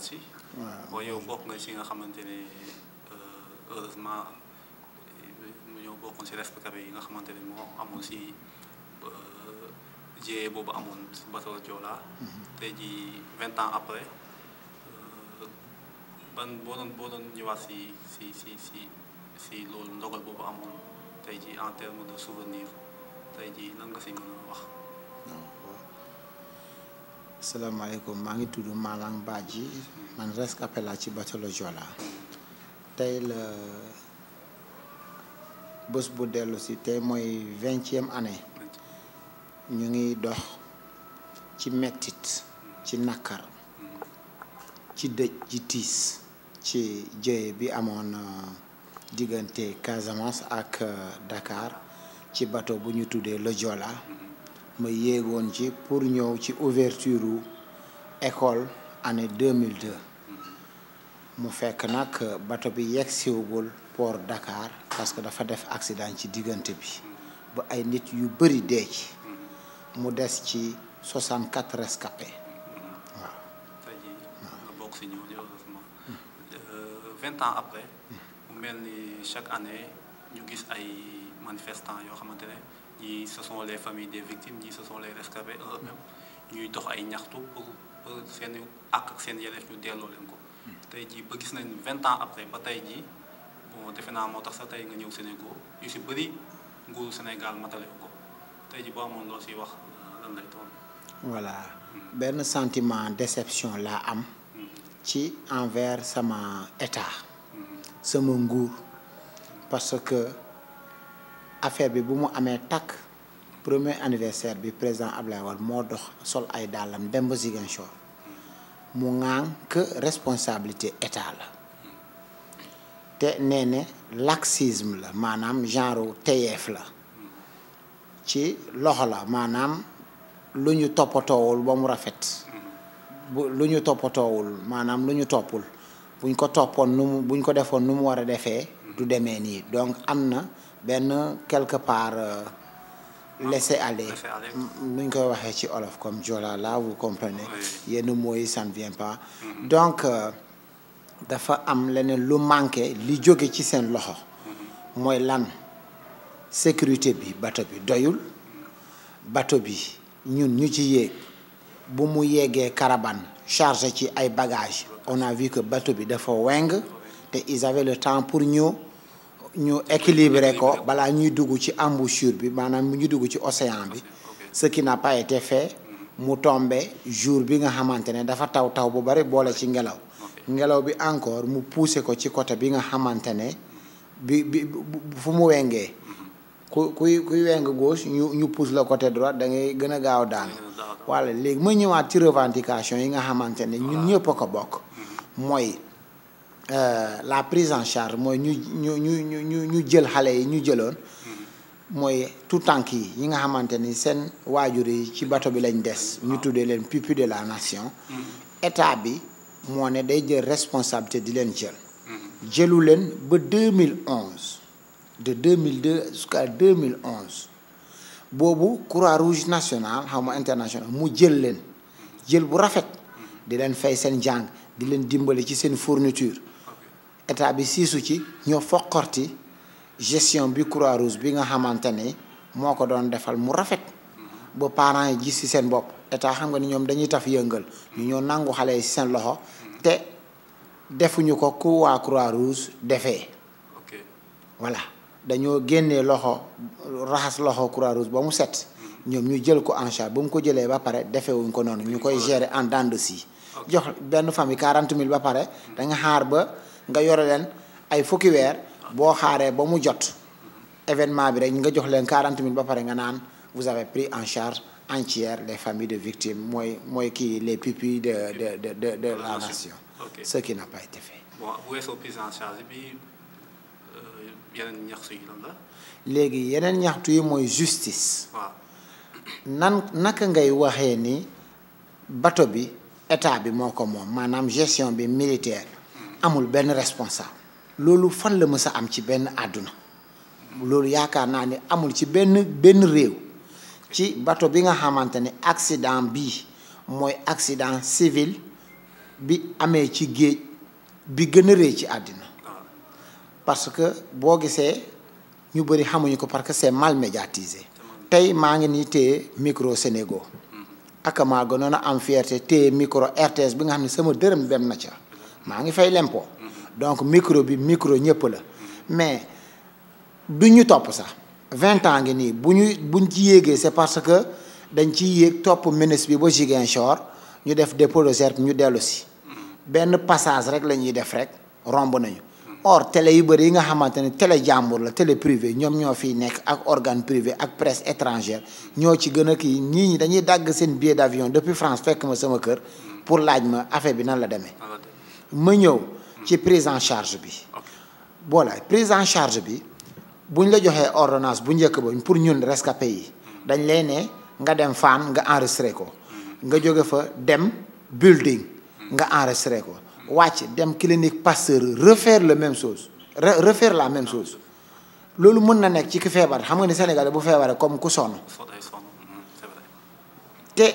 si. waaw yow bokk nga si nga xamante ne euh, heureusement mu ñëw bokkoon si rescapés yi nga xamante ne moo amoon si GIE euh, boobu amoon si bateau Joola. Mm-hmm. tey jii vingt ans après euh, ban boo doon boo doon ñëwaat si si si si si loolu ndogal boobu amoon tey ji en terme de souvenir tey jii lan nga fi mën a wax. asalaamaaleykum maa ngi tudd Malang Badji man rescapé laa ci batalo Joola tey la bés bu dellusi tey mooy vingtième année ñu ngi dox ci mettit ci nakar ci dëj ji tiis ci jëye bi amoon diggante Casamance ak euh, dakaar ci bateau bu ñu tuddee le ma yéegoon ci pour ñëw ci ouverture u école année 2002 mu fekk nag bato bi yegg siwugul port Dakar parce que dafa def accident ci diggante bi ba ay nit yu bëri dee mu des ci 64 rescapés waaw. tey jii nga bokk euh, vingt ans après mu mel ni chaque année ñu gis ay manifestants yoo xamante ne. ñii ce sont les familles des victimes ñii ce sont les mm. ñuy dox ay ñaxtu pour pour seen ak seen yelleef ñu delloo leen ko. Mm. tey jii ba gis nañ vingt ans après ba tey jii bon defe naa moo tax sax tey nga ñëw Sénégal yu si bëri nguuru Sénégal matale ko tey jii boo loo siy wax euh, lan lay doon. voilà mm. benn sentiment déception laa am. ci envers sama état. sama nguur parce que. affaire bi bu mu amee takk premier anniversaire bi président Ablaye Wade moo dox sol ay dàllam dem ba Ziguinchor mu ŋaan que responsabilité état la te nee ne laxisme la maanaam genre teyeef la ci loxo la maanaam lu ñu toppatoowul ba mu rafet bu lu ñu toppatoowul maanaam lu ñu toppul buñ ko toppoon nu mu buñ ko defoon nu mu war a defee du demee nii donc am na benn quelque part euh, ah, laisser aller mm, mm, nu ñu koy waxee ci olof comme Joola là vous comprenez yenn mots yi ça pas mm-hmm. donc euh, dafa am leneen lu manqué li jóge ci seen loxo mm-hmm. mooy lan sécurité bi bato bi doyul mm-hmm. bato bi ñun ñu ci yéeg bu mu yéegee caravane chargé ci ay bagages on a que bato bi dafa weng te ils avaient le temps pour ñu ñu équilibrer ko balaa ñuy dugg ci embouchure bi maanaam ñu dugg ci océan bi ce qui n'a pas été fait mu tombe jour bi nga xamante ne dafa taw taw bu bari boole ci ngelaw ngelaw bi encore mu pousser ko ci côté bi nga xamante ne bi fu mu wengee ku kuy kuy weng gauche ñu ñu pousse la côté droite da ngay gën a gaaw daal wala léegi ma ñëwaat ci revendication yi nga xamante ne ñun ñëpp ko bokk mooy Euh, la prise en charge mooy ñu ñu ñu ñu ñu ñu jël xale yi ñu jëloon mm-hmm. mooy tout tànk yi yi nga xamante ni seen waajur yi ci bato bi lañ des ah. ñu tuddee leen pupille de la nation mm-hmm. état bi moo ne day jël responsabilité di leen jël mm-hmm. jëlu leen ba 2011 de 2002 jusqu'à 2011 boobu croix rouge nationale xaw ma international mu jël leen jël bu rafet di leen fay seen jàng di leen dimbali ci seen fourniture état bi siisu ci ñoo korti gestion bi croix rose bi nga xamante ni moo ko doon defal mu rafet ba parents yi gis ci seen bopp état xam nga ni ñoom dañuy taf yëngal ñu ñoo nangu xale yi seen loxo te defuñu ko ku waa croix rouge defee voilà dañoo génnee loxo raxas loxo croix rouge ba mu set ñoom ñu jël ko enchar ba mu ko jëlee ba pare defeewuñ ko noonu ñu koy gere en dents de jox benn famille quarante mille ba pare da xaar ba nga yore leen ay fukki weer boo xaaree ba mu jot événement bi rek nga jox leen 40 000 ba pare nga naan vous avez pris en charge entière les famille de victimes mooy mooy kii les pupilles de de de de de la nation. ok n'a pas été fait. Euh, yeneen ñaxtu yi léegi yeneen ñaxtu yi mooy justice. nan naka ngay waxee ni bato bi état bi moo ko moom maanaam gestion bi militaire. amul benn responsable loolu fan la mës a am ci benn àdduna loolu yaakaar naa ne amul ci benn benn réew ci bato bi nga xamante ne accident bii mooy accident civil bi amee ci géej bi gën a rëy ci àddina parce que boo gisee ñu bëri xamuñu ko parce que c'est mal médiatisé tey maa ngi nii téye micro Sénégal ak maa gënoon a am fierté téye micro RTS bi nga xam ne sama dërëm dem na ca maa ngi fay l'impôt donc micro bi micro ñëpp la mais du ñu topp sax vingt ans ngi nii bu ñu buñ ci yéegee c'est parce que dañ ci yéeg topp ministre bi ba Ziguinchor ñu def dépôt de serpe ñu dellu si benn passage rek la ñuy def rek romb nañu or télé yu bëri yi nga xamante ne télé jàmbur la télé privé ñoom ñoo fi nekk ak organe privé ak presse étrangère ñoo ci gën a kii ñii ñi dañuy dagg seen billet d'avion depuis France fekk ma sama kër pour laaj ma affaire bi nan la demee ma ñëw ci prise en charge bi boolaay prise en charge bi buñ la joxee ordonnance bu njëkk ba pour ñun rescapé yi dañ lay ne nga dem Fann nga enregistré ko nga jóge fa dem building nga enregistré ko wàcc dem clinique Pasteur refaire la même chose refaire la même chose loolu mën na nekk ci ki feebar xam nga ni sénégale bu feebaree comme ku sonn mm-hmm, te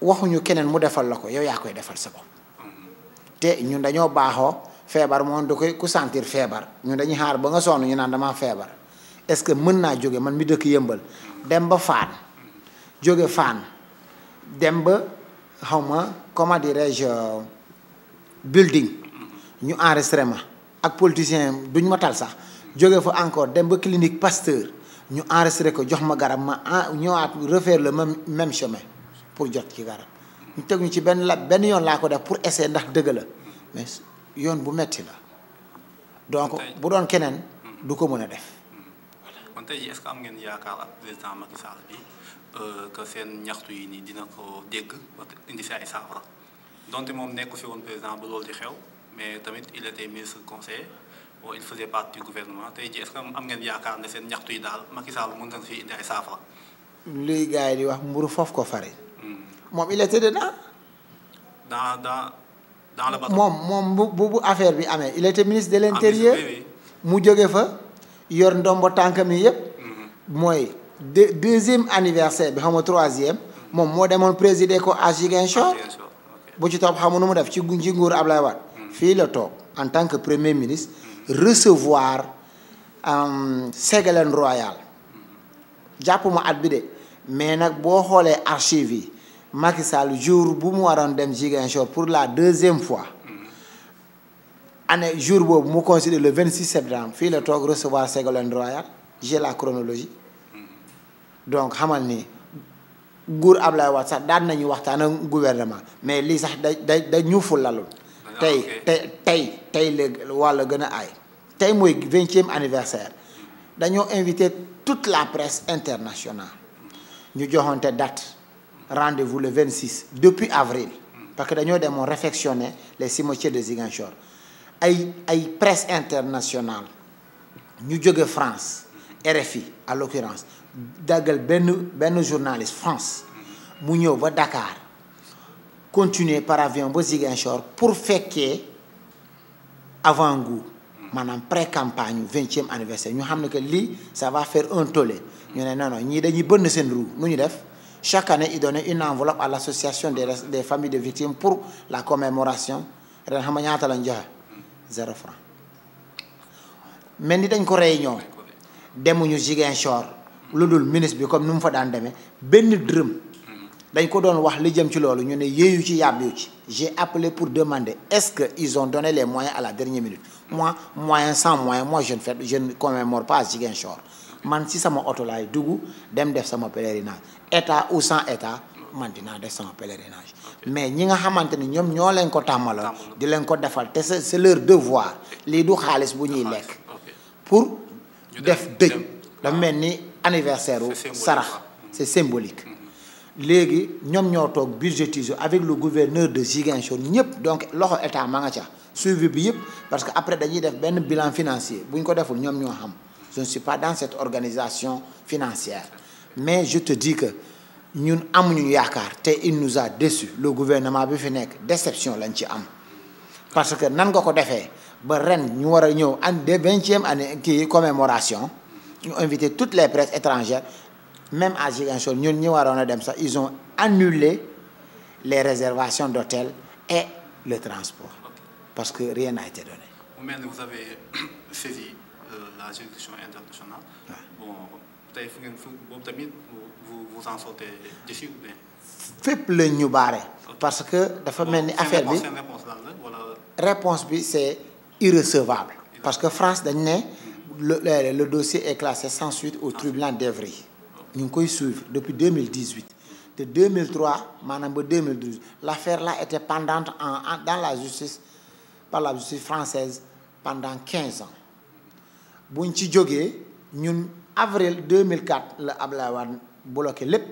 waxuñu keneen mu defal la ko yow yaa koy defal sa bopp te ñun dañoo baaxoo feebar moom du koy ku sentir feebar ñun dañuy xaar ba nga sonn ñu naan damaa feebar est-ce que mën naa jóge man mi dëkk yëmbal dem ba faan jóge faan dem ba xaw ma comment dirais-je building ñu enregistré ma ak politicien duñ motal sax jóge fa encore dem ba clinique Pasteur ñu enregistré ko jox ma garab ma ñëwaat refaire le même même chemin pour jot ci garab ñu teg ñu ci benn la benn yoon laa ko def pour essayer ndax dëgg la mais yoon bu metti la donc bu doon keneen du ko mën a def. kon tey jii est ngeen yaakaar ak président euh, seen ñaxtu yi nii dina ko dégg ba indi si ay saafara donte moom nekku woon président ba loolu di xew mais tamit il était ministre conseiller il faisait gouvernement tey jii est am ngeen yaakaar ne seen ñaxtu yi daal Macky Sall mën nañu fi indi ay saafara. luy gars di wax mburu foofu ko fare hmm. moom il était dedans. dans moom moom bu bu affaire bi amee il était ministre de ah, l'intérieur mu jóge fa yor ndombo tànkam yi yëpp. Mhm. mooy deux deuxième anniversaire bi xam nga troisième. moom moo demoon présider ko à Ziguinchor. bu ci topp xamu nu mu def ci ci nguur Ablaye Wade. Mhm. fii la toog en tant que premier ministre. recevoir euh, Ségolène Royal. Mhm. jàppuma at bi de mais nag boo xoolee archives yi. Macky Sall jour bu mu waroon dem Ziguinchor pour la deuxième fois année jour boobu mu considéré le vingt 26 septembre fii la toog recevoir Ségolène Royal j'ai la chronologie donc xamal ni guur Ablaye Wade sax daan nañu waxtaan ak gouvernement mais lii sax da da da ñuufu lalul ah, tey tey tey tey la wàll gën a ay tey mooy vingtième anniversaire dañoo invité toute la presse internationale ñu joxonte date rendez-vous le 26 depuis avril parce que dañoo dem demoon réfectionner les cimetières de Ziguinchor ay ay press internationale ñu jóge France RFI à l'occurrence daggal benn benn journaliste France mu ñëw ba dakaar continuer par avion ba Ziguinchor pour fekkee avant-goût maanaam pré-campagne yu vingtième anniversaire ñu xam ne que lii ça va faire un tollé ñu ne non non ñii dañuy bënn seen roue nu ñu def Chaque année, il donnait une enveloppe à l'association des, des, familles de victimes pour la commémoration. Zéro dañ ko rey avons dem réunion. Nous avons lu dul ministre bi comme ni mu fa daan demee benn dërëm dañ ko doon wax li jëm ci loolu ñu ne yeeyu ci yàbbiwu ci j'ai appelé pour demander est-ce que ils ont donné les moyens à la dernière minute moi moyen sans moyen moi je ne fais commémore pas Ziguinchor man si sama oto laay dugg dem def sama pèlerinage état au sans état man dinaa def sama pèlerinage mais ñi nga xamante ni ñoom ñoo leen ko tàmmaloon di leen ko defal te c'est leur devoir lii du xaalis bu ñuy lekk pour def dëj dafa mel ni anniversaire wu sarax c'est symbolique mm-hmm. léegi ñoom ñoo toog budgétiser avec le gouverneur de Ziguinchor ñëpp donc loxo état ma nga ca suivi bi yëpp parce que après dañuy def benn bilan financier bu ñu ko deful ño ñoo xam je ne suis pas dans cette organisation financière mais je te dis que ñun amuñu yaakaar te il nous a déçu le gouvernement bi fi nekk déception lañ ci am parce que nan nga ko defee ba ren ñu war a ñëw an de vingtième année kii commémoration ñu invité toutes les presses étrangères même à Ziguinchor ñun ñi waroon a dem sax ils ont annulé les réservations d'hôtels et le transport parce que rien n'a été donné. ラジオ局のエンターナショナル bon tey fu ñu baare parce que dafa mel ni affaire bi réponse bi c'est irrecevable parce que France dañ ne le le dossier est classé sans suite au tribunal d'Evry ñu ngi koy suivre depuis 2018 de 2003 maanaam ba 2012 la là était pendante en dans la justice par la justice française pendant 15 ans buñ ci jógee ñun avril quatre la Ablaye Wade bloqué lépp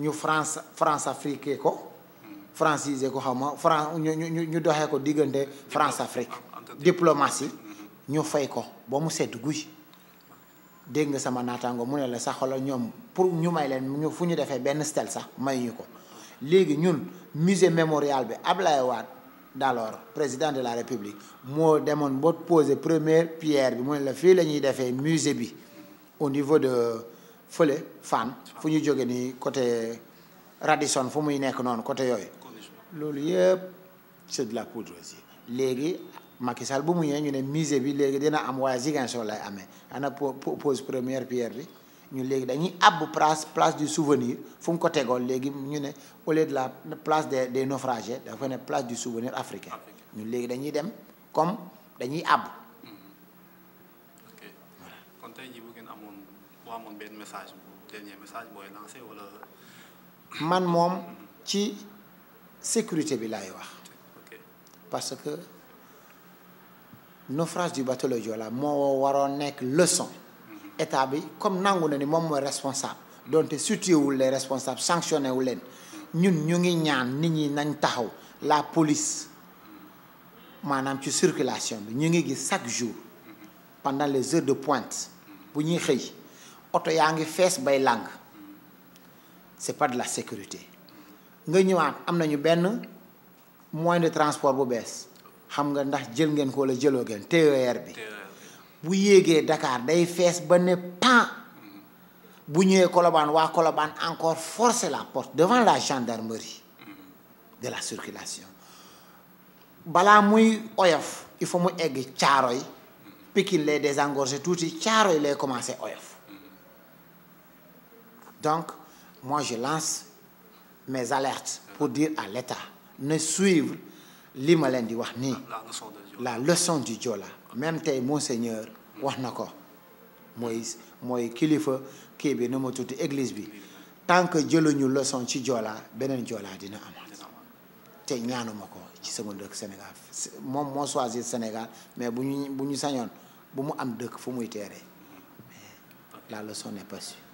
ñu France France Afrique ko francisé ko xaw ma France ñu ñu ñu doxee ko diggante France Afrique diplomatie ñu fay ko ba mu sedd guy dégg nga sama naataango mu ne la sax xoolal ñoom pour ñu may leen ñu fu ñu defee benn stèle sax mayuñu ko léegi ñun musée mémorial bi Ablaye waat d'alors président de la république moo demoon boo posé première pierre bi mooy la fii lañuy defee musée bi au niveau de fële Fann fu ñu jóge nii côté Radisson fu muy nekk noonu côté yooyu loolu yëpp c'est de la poudre aussi léegi Macky bu mu ñëwee ñu ne musée bi léegi dina am waaye Ziguinchor lay amee ana pose première pierre bi ñu léegi dañuy àbb place place du souvenir fu mu ko tegoon léegi ñu ne au lieu de la place des des naufragés dafa ne place du souvenir africain ñu léegi dañuy dem comme dañuy àbb. ok ngeen amoon boo amoon message dernier message booy lancé man moom ci sécurité bi laay wax. parce que naufrage du bateau le moo waroon nekk leçon. état bi comme nangu na ni moom mooy responsable donte situé wul les responsables sanctionné wu leen ñun ñu ngi ñaan nit ñi nañ taxaw la police maanaam ci circulation bi ñu ngi gis chaque jour pendant les heures de pointe bu ñuy xëy oto yaa ngi fees bay làng c'est pas de la sécurité nga ñëwaat am nañu benn moyen de transport bu bees xam nga ndax jël ngeen ko wala jëloo ngeen TER bi bu yéegee Dakar day fees ba ne pan bu ñëwee Colobane waa Colobane encore force la porte devant la gendarmerie de la circulation balaa muy oyof il faut mu egg Caaroy Pikine lay désengorger tuuti Caaroy lay commencer oyof donc moi je lance mes alertes pour dire à l'État ne suivre li ma leen di wax nii la leçon du Joola même tey monseigneur wax na ko mooy mooy kilifa kii bi nu ma tudd église bi tant que jëluñu leçon ci joolaa beneen joolaa dina amaat te ñaanuma ko ci sama dëkk Sénégal moom moo choisir Sénégal mais bu ñu bu ñu sañoon bu mu am dëkk fu muy teeree mais la leçon n'est pas